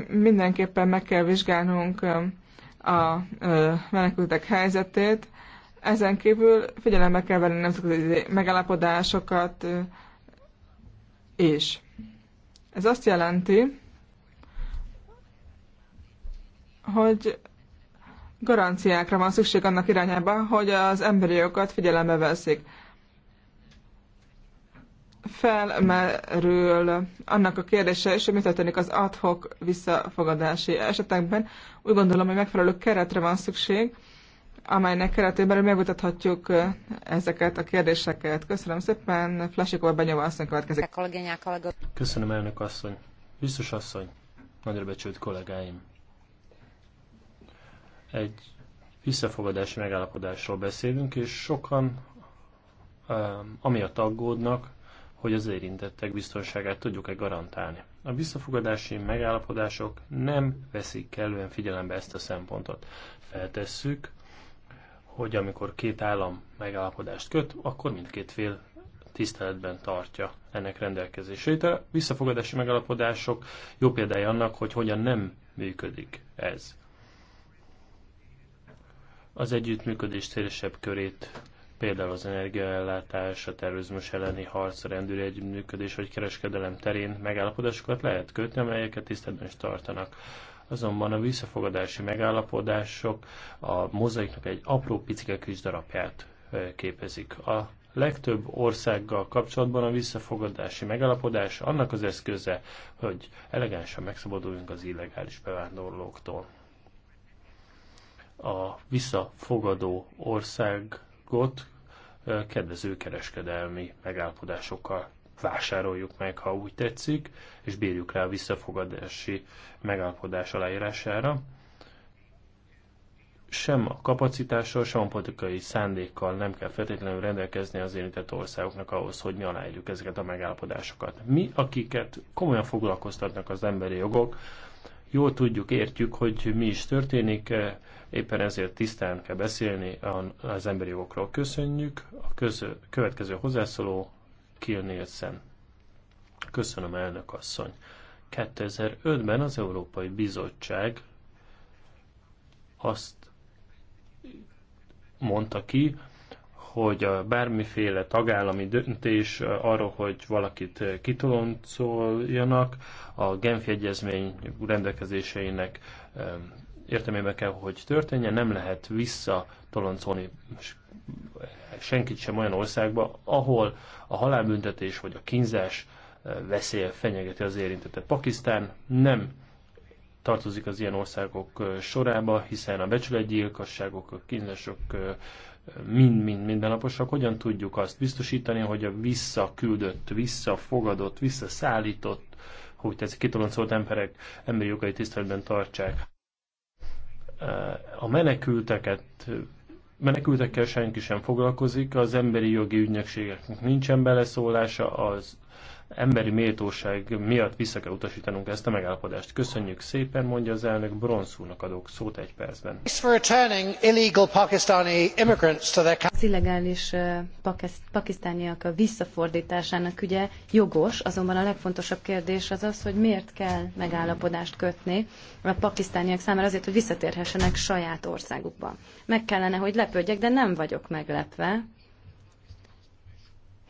mindenképpen meg kell vizsgálnunk a menekültek helyzetét. Ezen kívül figyelembe kell venni nemzetközi megállapodásokat is. Ez azt jelenti, hogy garanciákra van szükség annak irányába, hogy az emberi jogokat figyelembe veszik felmerül annak a kérdése is, hogy mi történik az adhok visszafogadási esetekben. Úgy gondolom, hogy megfelelő keretre van szükség, amelynek keretében megmutathatjuk ezeket a kérdéseket. Köszönöm szépen, Flasikova Benyova asszony következik. Köszönöm, elnök asszony. Biztos asszony, nagyra becsült kollégáim. Egy visszafogadási megállapodásról beszélünk, és sokan um, amiatt aggódnak, hogy az érintettek biztonságát tudjuk-e garantálni. A visszafogadási megállapodások nem veszik kellően figyelembe ezt a szempontot. Feltesszük, hogy amikor két állam megállapodást köt, akkor mindkét fél tiszteletben tartja ennek rendelkezését. A visszafogadási megállapodások jó példája annak, hogy hogyan nem működik ez. Az együttműködés szélesebb körét például az energiaellátás, a terrorizmus elleni harc, a rendőri együttműködés vagy kereskedelem terén megállapodásokat lehet kötni, amelyeket tiszteletben is tartanak. Azonban a visszafogadási megállapodások a mozaiknak egy apró picike kis darabját képezik. A legtöbb országgal kapcsolatban a visszafogadási megállapodás annak az eszköze, hogy elegánsan megszabaduljunk az illegális bevándorlóktól. A visszafogadó ország világot kedvező kereskedelmi megállapodásokkal vásároljuk meg, ha úgy tetszik, és bírjuk rá a visszafogadási megállapodás aláírására. Sem a kapacitással, sem a politikai szándékkal nem kell feltétlenül rendelkezni az érintett országoknak ahhoz, hogy mi aláírjuk ezeket a megállapodásokat. Mi, akiket komolyan foglalkoztatnak az emberi jogok, Jól tudjuk, értjük, hogy mi is történik, e, éppen ezért tisztán kell beszélni az emberi jogokról. Köszönjük. A közö, következő hozzászóló Kill Nielsen. Köszönöm, elnök asszony. 2005-ben az Európai Bizottság azt mondta ki, hogy a bármiféle tagállami döntés arról, hogy valakit kitoloncoljanak, a Genfi Egyezmény rendelkezéseinek értelmében kell, hogy történjen, nem lehet visszatoloncolni senkit sem olyan országba, ahol a halálbüntetés vagy a kínzás veszélye fenyegeti az érintettet. Pakisztán nem tartozik az ilyen országok sorába, hiszen a becsületgyilkosságok, a kínzások mind-mind mindennaposak, hogyan tudjuk azt biztosítani, hogy a visszaküldött, visszafogadott, visszaszállított, hogy ez kitoloncolt emberek emberi jogai tiszteletben tartsák. A menekülteket menekültekkel senki sem foglalkozik, az emberi jogi ügynökségeknek nincsen beleszólása, az emberi méltóság miatt vissza kell utasítanunk ezt a megállapodást. Köszönjük szépen, mondja az elnök, bronzúnak adok szót egy percben. Az illegális pakisztániak a visszafordításának ügye jogos, azonban a legfontosabb kérdés az az, hogy miért kell megállapodást kötni a pakisztániak számára azért, hogy visszatérhessenek saját országukba. Meg kellene, hogy lepődjek, de nem vagyok meglepve,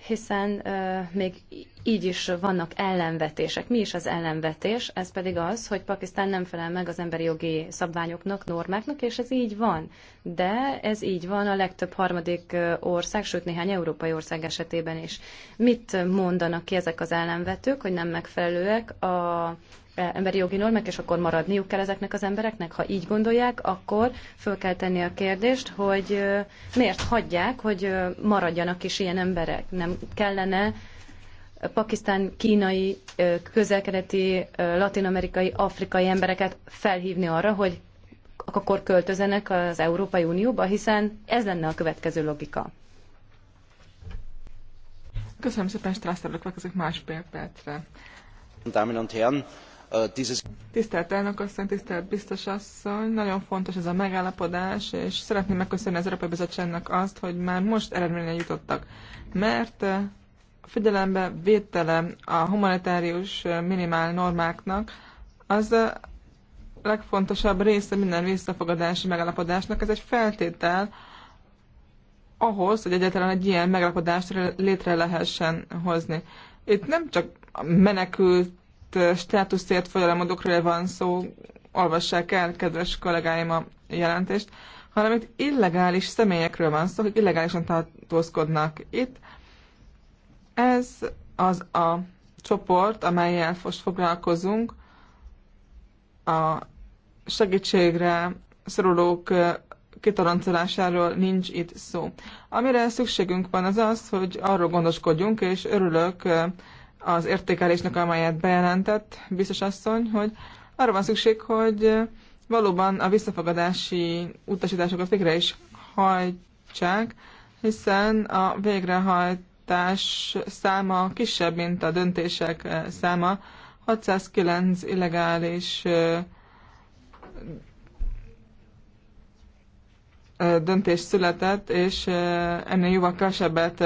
hiszen uh, még így is vannak ellenvetések. Mi is az ellenvetés? Ez pedig az, hogy Pakisztán nem felel meg az emberi jogi szabványoknak, normáknak, és ez így van. De ez így van a legtöbb harmadik ország, sőt néhány európai ország esetében is. Mit mondanak ki ezek az ellenvetők, hogy nem megfelelőek a E, emberi jogi normák, és akkor maradniuk kell ezeknek az embereknek? Ha így gondolják, akkor föl kell tenni a kérdést, hogy miért hagyják, hogy maradjanak is ilyen emberek? Nem kellene pakisztán, kínai, közelkedeti, latinamerikai, afrikai embereket felhívni arra, hogy akkor költözenek az Európai Unióba, hiszen ez lenne a következő logika. Köszönöm szépen, Strasser, következik másfél percre. Damen und Herren, Uh, tisztelt elnök asszony, tisztelt biztos asszony, nagyon fontos ez a megállapodás, és szeretném megköszönni az Európai Bizottságnak azt, hogy már most eredményre jutottak, mert uh, figyelembe vétele a humanitárius uh, minimál normáknak, az a legfontosabb része minden visszafogadási megállapodásnak, ez egy feltétel ahhoz, hogy egyáltalán egy ilyen megállapodást létre lehessen hozni. Itt nem csak menekült státuszért folyamodokról van szó, olvassák el, kedves kollégáim, a jelentést, hanem itt illegális személyekről van szó, akik illegálisan tartózkodnak itt. Ez az a csoport, amelyel most foglalkozunk, a segítségre szorulók kitaroncolásáról nincs itt szó. Amire szükségünk van az az, hogy arról gondoskodjunk, és örülök az értékelésnek, amelyet bejelentett biztos asszony, hogy arra van szükség, hogy valóban a visszafogadási utasításokat végre is hajtsák, hiszen a végrehajtás száma kisebb, mint a döntések száma. 609 illegális döntés született, és ennél jóval kevesebbet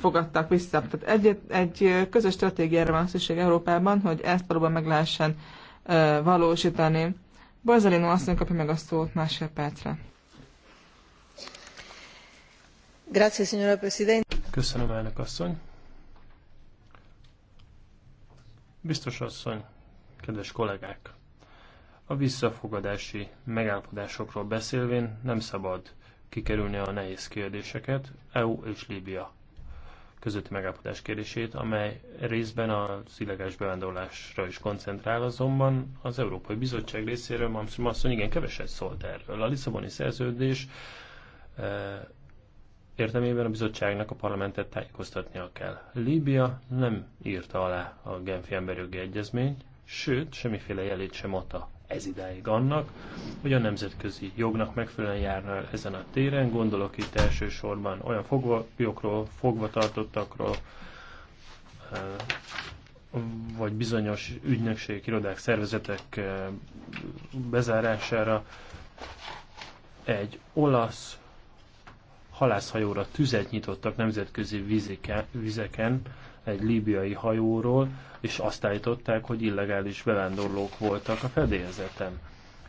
fogadtak vissza. Tehát egy, egy közös stratégiára van szükség Európában, hogy ezt valóban meg lehessen e, valósítani. Borzalino asszony kapja meg a szót másfél percre. Grazie, signora Presidente. Köszönöm, elnök asszony. Biztos asszony, kedves kollégák! A visszafogadási megállapodásokról beszélvén nem szabad kikerülni a nehéz kérdéseket, EU és Líbia közötti megállapodás kérdését, amely részben az illegális bevándorlásra is koncentrál, azonban az Európai Bizottság részéről Malmström asszony igen keveset szólt erről. A Lisszaboni szerződés eh, értelmében a bizottságnak a parlamentet tájékoztatnia kell. Líbia nem írta alá a Genfi emberjogi egyezményt, sőt, semmiféle jelét sem adta ez idáig annak, hogy a nemzetközi jognak megfelelően járna ezen a téren. Gondolok itt elsősorban olyan fogvajokról, fogvatartottakról, eh, vagy bizonyos ügynökség, irodák, szervezetek eh, bezárására egy olasz halászhajóra tüzet nyitottak nemzetközi vizeken, vizeken egy líbiai hajóról, és azt állították, hogy illegális bevándorlók voltak a fedélzeten.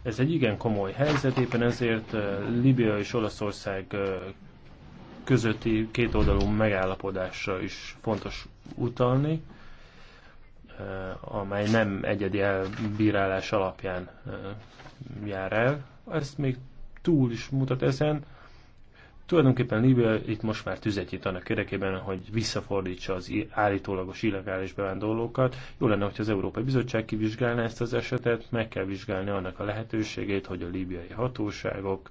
Ez egy igen komoly helyzet, éppen ezért Líbia és Olaszország közötti kétoldalú megállapodásra is fontos utalni, amely nem egyedi elbírálás alapján jár el. Ezt még túl is mutat ezen, Tulajdonképpen Líbia itt most már tüzet nyit annak érdekében, hogy visszafordítsa az állítólagos illegális bevándorlókat. Jó lenne, hogy az Európai Bizottság kivizsgálná ezt az esetet, meg kell vizsgálni annak a lehetőségét, hogy a líbiai hatóságok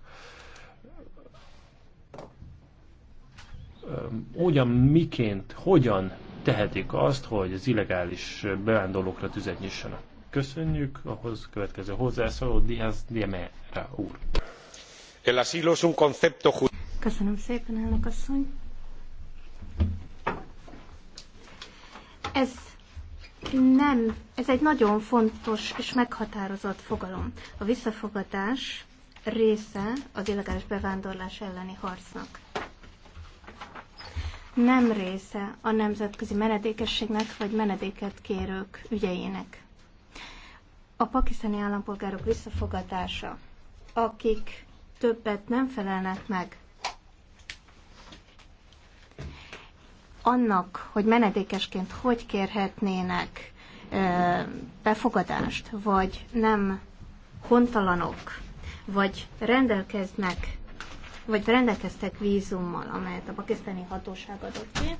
ugyan miként, hogyan tehetik azt, hogy az illegális bevándorlókra tüzet nyissanak. Köszönjük, ahhoz következő hozzászóló Diaz Diemera úr. El asilo es un concepto Köszönöm Ez nem, ez egy nagyon fontos és meghatározott fogalom. A visszafogadás része az illegális bevándorlás elleni harcnak. Nem része a nemzetközi menedékességnek vagy menedéket kérők ügyeinek. A pakisztáni állampolgárok visszafogadása, akik többet nem felelnek meg annak, hogy menedékesként hogy kérhetnének befogadást, vagy nem hontalanok, vagy rendelkeznek, vagy rendelkeztek vízummal, amelyet a pakisztáni hatóság adott ki,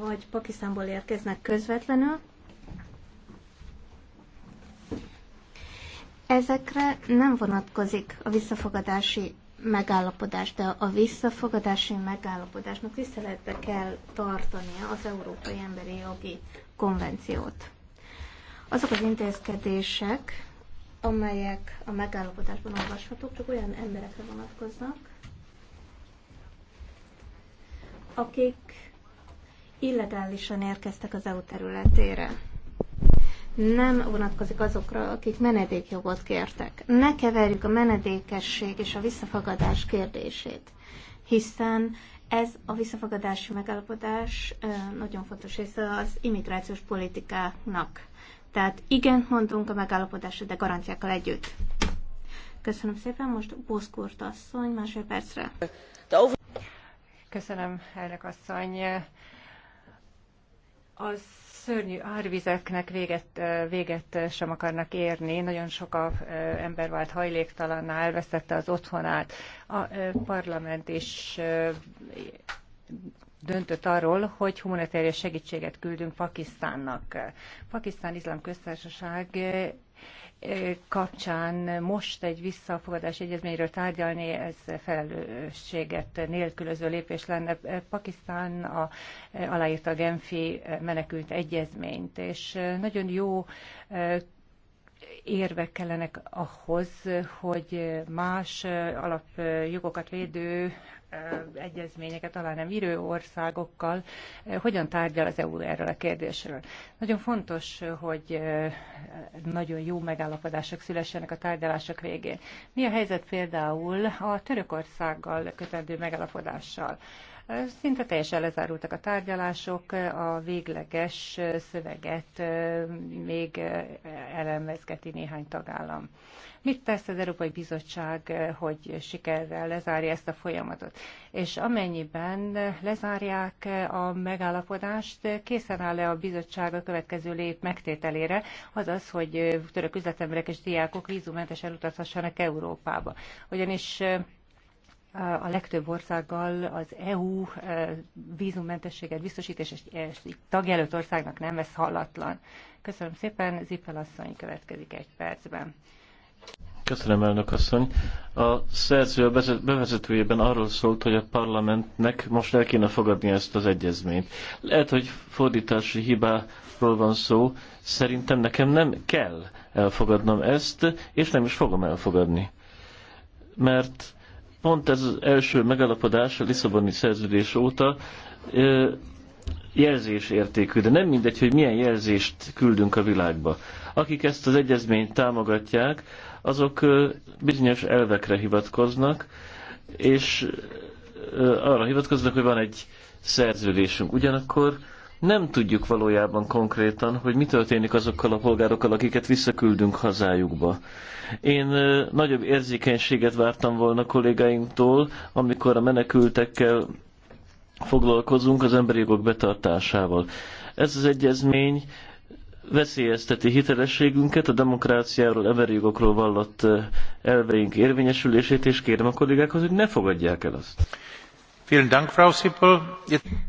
vagy Pakisztánból érkeznek közvetlenül, Ezekre nem vonatkozik a visszafogadási megállapodás, de a visszafogadási megállapodásnak tiszteletbe kell tartania az Európai Emberi Jogi Konvenciót. Azok az intézkedések, amelyek a megállapodásban olvashatók, csak olyan emberekre vonatkoznak, akik illegálisan érkeztek az EU területére nem vonatkozik azokra, akik menedékjogot kértek. Ne keverjük a menedékesség és a visszafogadás kérdését, hiszen ez a visszafogadási megállapodás nagyon fontos része az immigrációs politikának. Tehát igen, mondunk a megállapodásra, de garanciákkal együtt. Köszönöm szépen, most Boszkurt asszony, másfél percre. Köszönöm, elnök asszony. Az szörnyű árvizeknek véget, véget sem akarnak érni. Nagyon sok a, ember vált hajléktalanná, elveszette az otthonát. A, a parlament is döntött arról, hogy humanitárius segítséget küldünk Pakisztánnak. Pakisztán Iszlám Köztársaság kapcsán most egy visszafogadási egyezményről tárgyalni, ez felelősséget nélkülöző lépés lenne. Pakisztán a, aláírta a Genfi menekült egyezményt, és nagyon jó e, érvek kellenek ahhoz, hogy más alapjogokat védő egyezményeket alá nem írő országokkal. Hogyan tárgyal az EU erről a kérdésről? Nagyon fontos, hogy nagyon jó megállapodások szülessenek a tárgyalások végén. Mi a helyzet például a Törökországgal kötendő megállapodással? Szinte teljesen lezárultak a tárgyalások, a végleges szöveget még elemezgeti néhány tagállam. Mit tesz az Európai Bizottság, hogy sikerrel lezárja ezt a folyamatot? És amennyiben lezárják a megállapodást, készen áll-e a bizottság a következő lép megtételére, azaz, hogy török üzletemberek és diákok vízumentesen utazhassanak Európába? Ugyanis a legtöbb országgal az EU e, vízummentességet biztosít, és egy tagjelölt országnak nem vesz hallatlan. Köszönöm szépen, Zippel asszony következik egy percben. Köszönöm, elnök asszony. A szerző a bevezetőjében arról szólt, hogy a parlamentnek most el kéne fogadni ezt az egyezményt. Lehet, hogy fordítási hibáról van szó, szerintem nekem nem kell elfogadnom ezt, és nem is fogom elfogadni. Mert pont ez az első megalapodás a Lisszaboni szerződés óta jelzésértékű, de nem mindegy, hogy milyen jelzést küldünk a világba. Akik ezt az egyezményt támogatják, azok bizonyos elvekre hivatkoznak, és arra hivatkoznak, hogy van egy szerződésünk. Ugyanakkor nem tudjuk valójában konkrétan, hogy mi történik azokkal a polgárokkal, akiket visszaküldünk hazájukba. Én nagyobb érzékenységet vártam volna kollégáimtól, amikor a menekültekkel foglalkozunk az emberi jogok betartásával. Ez az egyezmény veszélyezteti hitelességünket, a demokráciáról, emberi jogokról vallott elveink érvényesülését, és kérem a kollégákhoz, hogy ne fogadják el azt.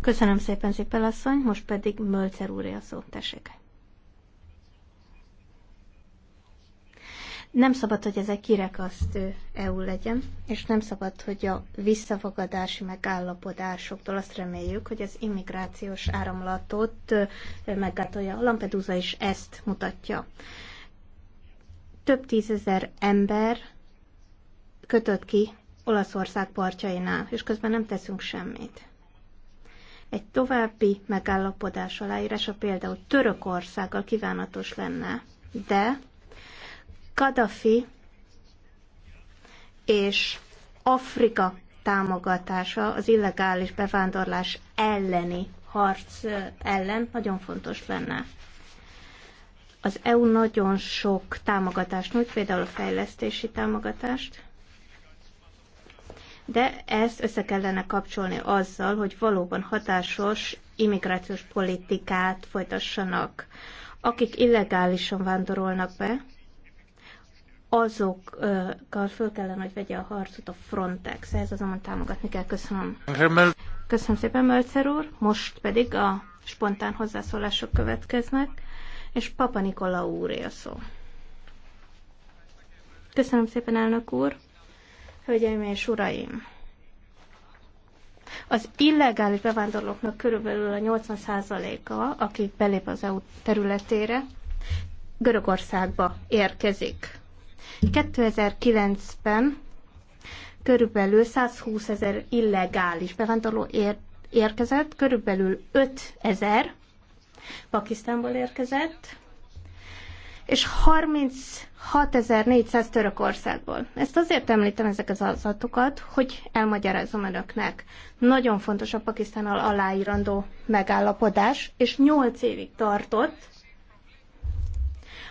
Köszönöm szépen, Szipel asszony, most pedig Mölcer úré a szót, tessék. Nem szabad, hogy ez egy kirekasztő EU legyen, és nem szabad, hogy a visszafogadási megállapodásoktól azt reméljük, hogy az immigrációs áramlatot meggátolja. Lampedusa is ezt mutatja. Több tízezer ember kötött ki Olaszország partjainál, és közben nem teszünk semmit. Egy további megállapodás aláírása például Törökországgal kívánatos lenne, de Kadafi és Afrika támogatása az illegális bevándorlás elleni harc ellen nagyon fontos lenne. Az EU nagyon sok támogatást nyújt, például a fejlesztési támogatást, de ezt össze kellene kapcsolni azzal, hogy valóban hatásos immigrációs politikát folytassanak. Akik illegálisan vándorolnak be, azokkal föl kellene, hogy vegye a harcot a Frontex. Ez azonban támogatni kell. Köszönöm. Köszönöm szépen, Mölcer úr. Most pedig a spontán hozzászólások következnek, és Papa Nikola úr él szó. Köszönöm szépen, elnök úr. Hölgyeim és uraim! Az illegális bevándorlóknak körülbelül a 80%-a, akik belép az EU területére, Görögországba érkezik. 2009-ben körülbelül 120 ezer illegális bevándorló ér- érkezett, körülbelül 5 ezer Pakisztánból érkezett, és 36.400 Törökországból. Ezt azért említem ezek az adatokat, hogy elmagyarázom önöknek. Nagyon fontos a Pakisztánnal aláírandó megállapodás, és 8 évig tartott,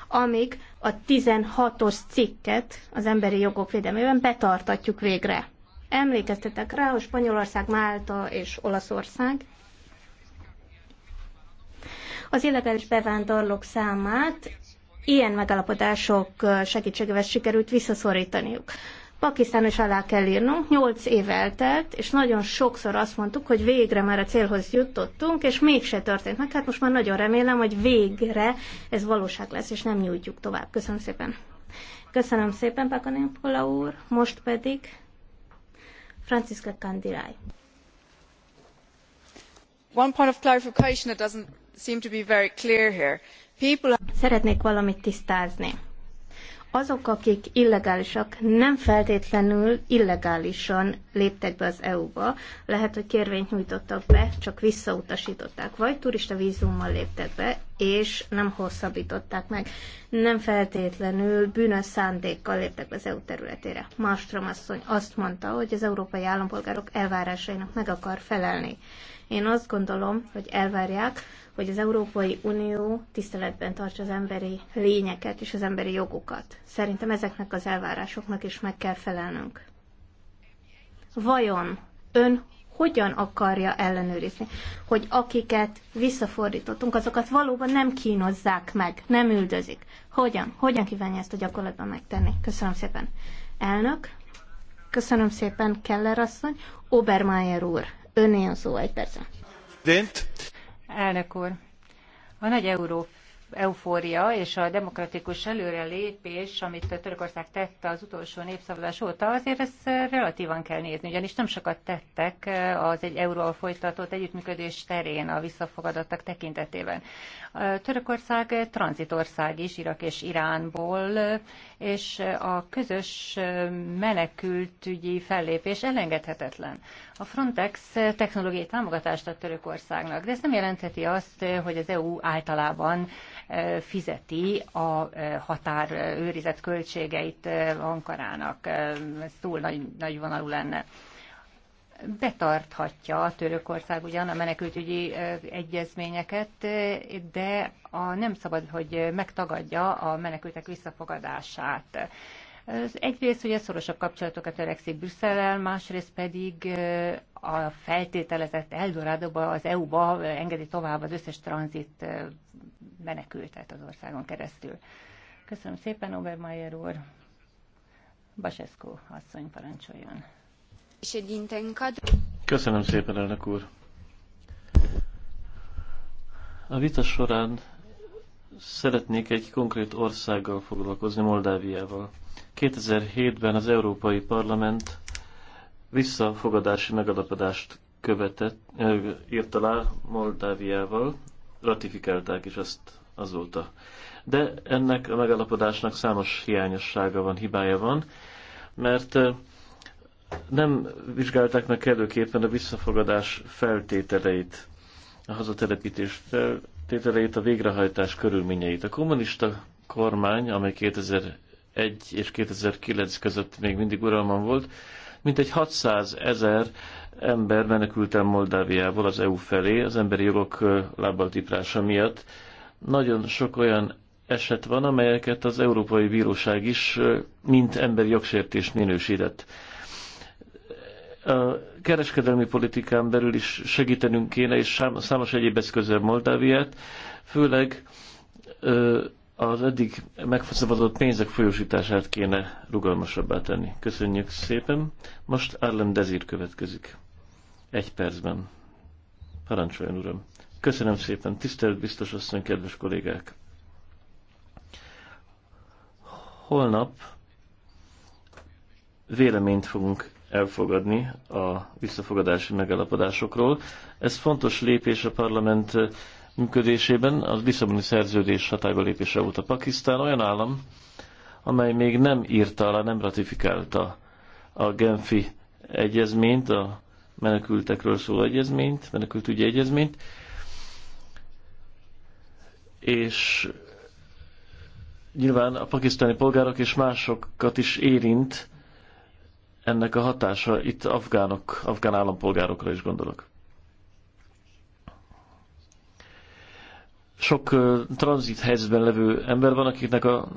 amíg a 16-os cikket az emberi jogok védelmében betartatjuk végre. Emlékeztetek rá, hogy Spanyolország, Málta és Olaszország az illegális bevándorlók számát ilyen megállapodások segítségével sikerült visszaszorítaniuk. Pakisztán is alá kell írnunk, nyolc év eltelt, és nagyon sokszor azt mondtuk, hogy végre már a célhoz jutottunk, és mégse történt meg. Hát most már nagyon remélem, hogy végre ez valóság lesz, és nem nyújtjuk tovább. Köszönöm szépen. Köszönöm szépen, Pola úr. Most pedig Franciska Kandirály. One point of clarification that doesn't seem to be very clear here Szeretnék valamit tisztázni. Azok, akik illegálisak, nem feltétlenül illegálisan léptek be az EU-ba. Lehet, hogy kérvényt nyújtottak be, csak visszautasították, vagy turista vízummal léptek be, és nem hosszabbították meg. Nem feltétlenül bűnös szándékkal léptek be az EU területére. Malmström asszony azt mondta, hogy az európai állampolgárok elvárásainak meg akar felelni. Én azt gondolom, hogy elvárják, hogy az Európai Unió tiszteletben tartsa az emberi lényeket és az emberi jogokat. Szerintem ezeknek az elvárásoknak is meg kell felelnünk. Vajon ön hogyan akarja ellenőrizni, hogy akiket visszafordítottunk, azokat valóban nem kínozzák meg, nem üldözik. Hogyan? Hogyan kívánja ezt a gyakorlatban megtenni? Köszönöm szépen. Elnök, köszönöm szépen Keller asszony, Obermeier úr. Öné a szó egy percre. Elnök úr, a nagy Európa eufória és a demokratikus előrelépés, amit Törökország tette az utolsó népszavazás óta, azért ezt relatívan kell nézni, ugyanis nem sokat tettek az egy euróval folytatott együttműködés terén a visszafogadottak tekintetében. Törökország tranzitország is, Irak és Iránból, és a közös menekültügyi fellépés elengedhetetlen. A Frontex technológiai támogatást ad Törökországnak, de ez nem jelentheti azt, hogy az EU általában fizeti a határőrizet költségeit Ankarának. Ez túl nagy, nagy vonalú lenne betarthatja a Törökország ugyan a menekültügyi egyezményeket, de a, nem szabad, hogy megtagadja a menekültek visszafogadását. Egyrészt ugye szorosabb kapcsolatokat törekszik Brüsszellel, másrészt pedig a feltételezett Eldorádóba, az EU-ba engedi tovább az összes tranzit menekültet az országon keresztül. Köszönöm szépen, Obermeyer úr. Basescu asszony parancsoljon. Köszönöm szépen, elnök úr. A vita során szeretnék egy konkrét országgal foglalkozni, Moldáviával. 2007-ben az Európai Parlament visszafogadási megalapodást követett, írt alá Moldáviával ratifikálták, és ezt azóta. De ennek a megállapodásnak számos hiányossága van, hibája van, mert nem vizsgálták meg kellőképpen a visszafogadás feltételeit, a hazatelepítés feltételeit, a végrehajtás körülményeit. A kommunista kormány, amely 2001 és 2009 között még mindig uralman volt, mintegy 600 ezer ember menekült el Moldáviából az EU felé az emberi jogok lábbal tiprása miatt. Nagyon sok olyan eset van, amelyeket az Európai Bíróság is mint emberi jogsértés minősített. A kereskedelmi politikán belül is segítenünk kéne, és számos egyéb eszközzel Moldáviát, főleg az eddig megszabadult pénzek folyósítását kéne rugalmasabbá tenni. Köszönjük szépen. Most Arlen Dezir következik. Egy percben. Parancsoljon, uram. Köszönöm szépen, tisztelt biztos asszony, kedves kollégák. Holnap véleményt fogunk elfogadni a visszafogadási megállapodásokról. Ez fontos lépés a parlament működésében, az Lisszaboni szerződés hatályba lépése óta. Pakisztán olyan állam, amely még nem írta alá, nem ratifikálta a Genfi egyezményt, a menekültekről szóló egyezményt, menekültügyi egyezményt, és nyilván a pakisztáni polgárok és másokat is érint ennek a hatása, itt afgánok, afgán állampolgárokra is gondolok. Sok tranzit helyzetben levő ember van, akiknek a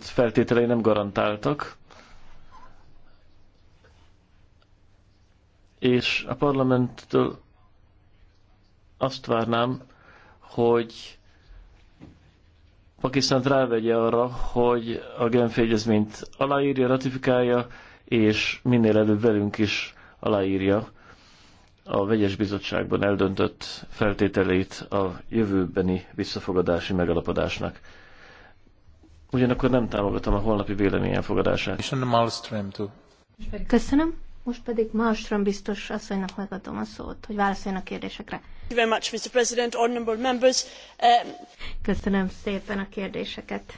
feltételei nem garantáltak, és a parlamenttől azt várnám, hogy Pakisztánt rávegye arra, hogy a Genf egyezményt aláírja, ratifikálja, és minél előbb velünk is aláírja a vegyes bizottságban eldöntött feltételeit a jövőbeni visszafogadási megalapodásnak. Ugyanakkor nem támogatom a holnapi véleményen fogadását. Köszönöm. Most pedig Malmström biztos asszonynak megadom a szót, hogy válaszoljon a kérdésekre. Um, Köszönöm szépen a kérdéseket.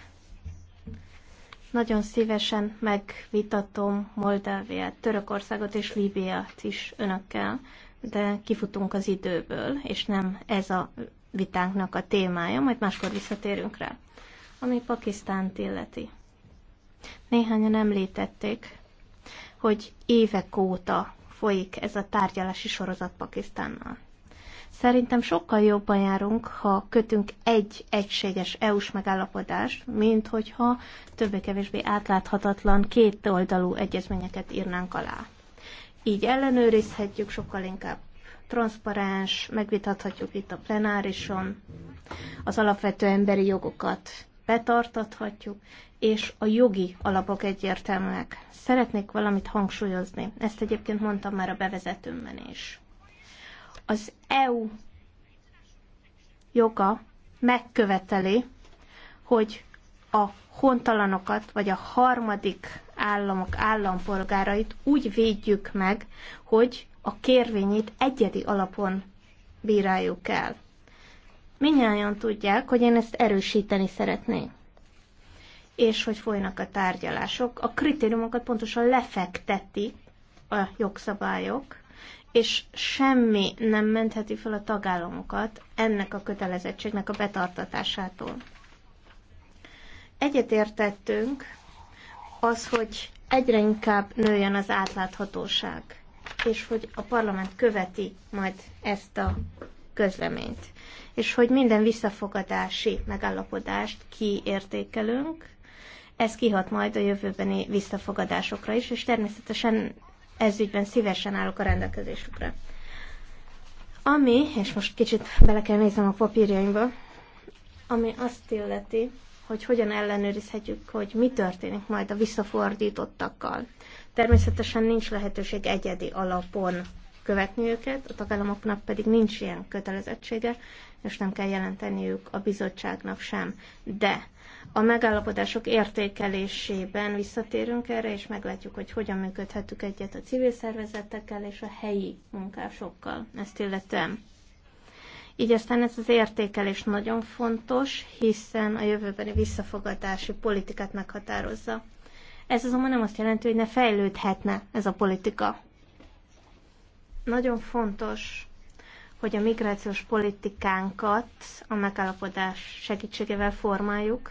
Nagyon szívesen megvitatom Moldáviát, Törökországot és Líbiát is önökkel, de kifutunk az időből, és nem ez a vitánknak a témája, majd máskor visszatérünk rá. Ami Pakisztánt illeti. Néhányan említették, hogy évek óta folyik ez a tárgyalási sorozat Pakisztánnal. Szerintem sokkal jobban járunk, ha kötünk egy egységes EU-s megállapodást, mint hogyha többé-kevésbé átláthatatlan két oldalú egyezményeket írnánk alá. Így ellenőrizhetjük sokkal inkább transzparens, megvitathatjuk itt a plenárison, az alapvető emberi jogokat betartathatjuk, és a jogi alapok egyértelműek. Szeretnék valamit hangsúlyozni. Ezt egyébként mondtam már a bevezetőmben is. Az EU joga megköveteli, hogy a hontalanokat, vagy a harmadik államok állampolgárait úgy védjük meg, hogy a kérvényét egyedi alapon bíráljuk el. Minnyáján tudják, hogy én ezt erősíteni szeretném és hogy folynak a tárgyalások. A kritériumokat pontosan lefekteti a jogszabályok, és semmi nem mentheti fel a tagállamokat ennek a kötelezettségnek a betartatásától. Egyetértettünk az, hogy egyre inkább nőjön az átláthatóság, és hogy a parlament követi majd ezt a közleményt, és hogy minden visszafogadási megállapodást kiértékelünk, ez kihat majd a jövőbeni visszafogadásokra is, és természetesen ez ügyben szívesen állok a rendelkezésükre. Ami, és most kicsit bele kell néznem a papírjaimba, ami azt illeti, hogy hogyan ellenőrizhetjük, hogy mi történik majd a visszafordítottakkal. Természetesen nincs lehetőség egyedi alapon követni őket, a tagállamoknak pedig nincs ilyen kötelezettsége, és nem kell jelenteniük a bizottságnak sem. De a megállapodások értékelésében visszatérünk erre, és meglátjuk, hogy hogyan működhetünk egyet a civil szervezetekkel és a helyi munkásokkal ezt illetően. Így aztán ez az értékelés nagyon fontos, hiszen a jövőbeni visszafogadási politikát meghatározza. Ez azonban nem azt jelenti, hogy ne fejlődhetne ez a politika. Nagyon fontos, hogy a migrációs politikánkat a megállapodás segítségével formáljuk,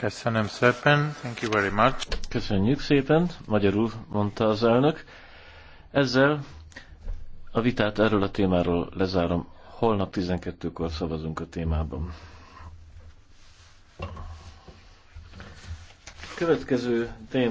Köszönöm szépen. Thank you very much. Köszönjük szépen, magyarul mondta az elnök. Ezzel a vitát erről a témáról lezárom. Holnap 12-kor szavazunk a témában. Következő téma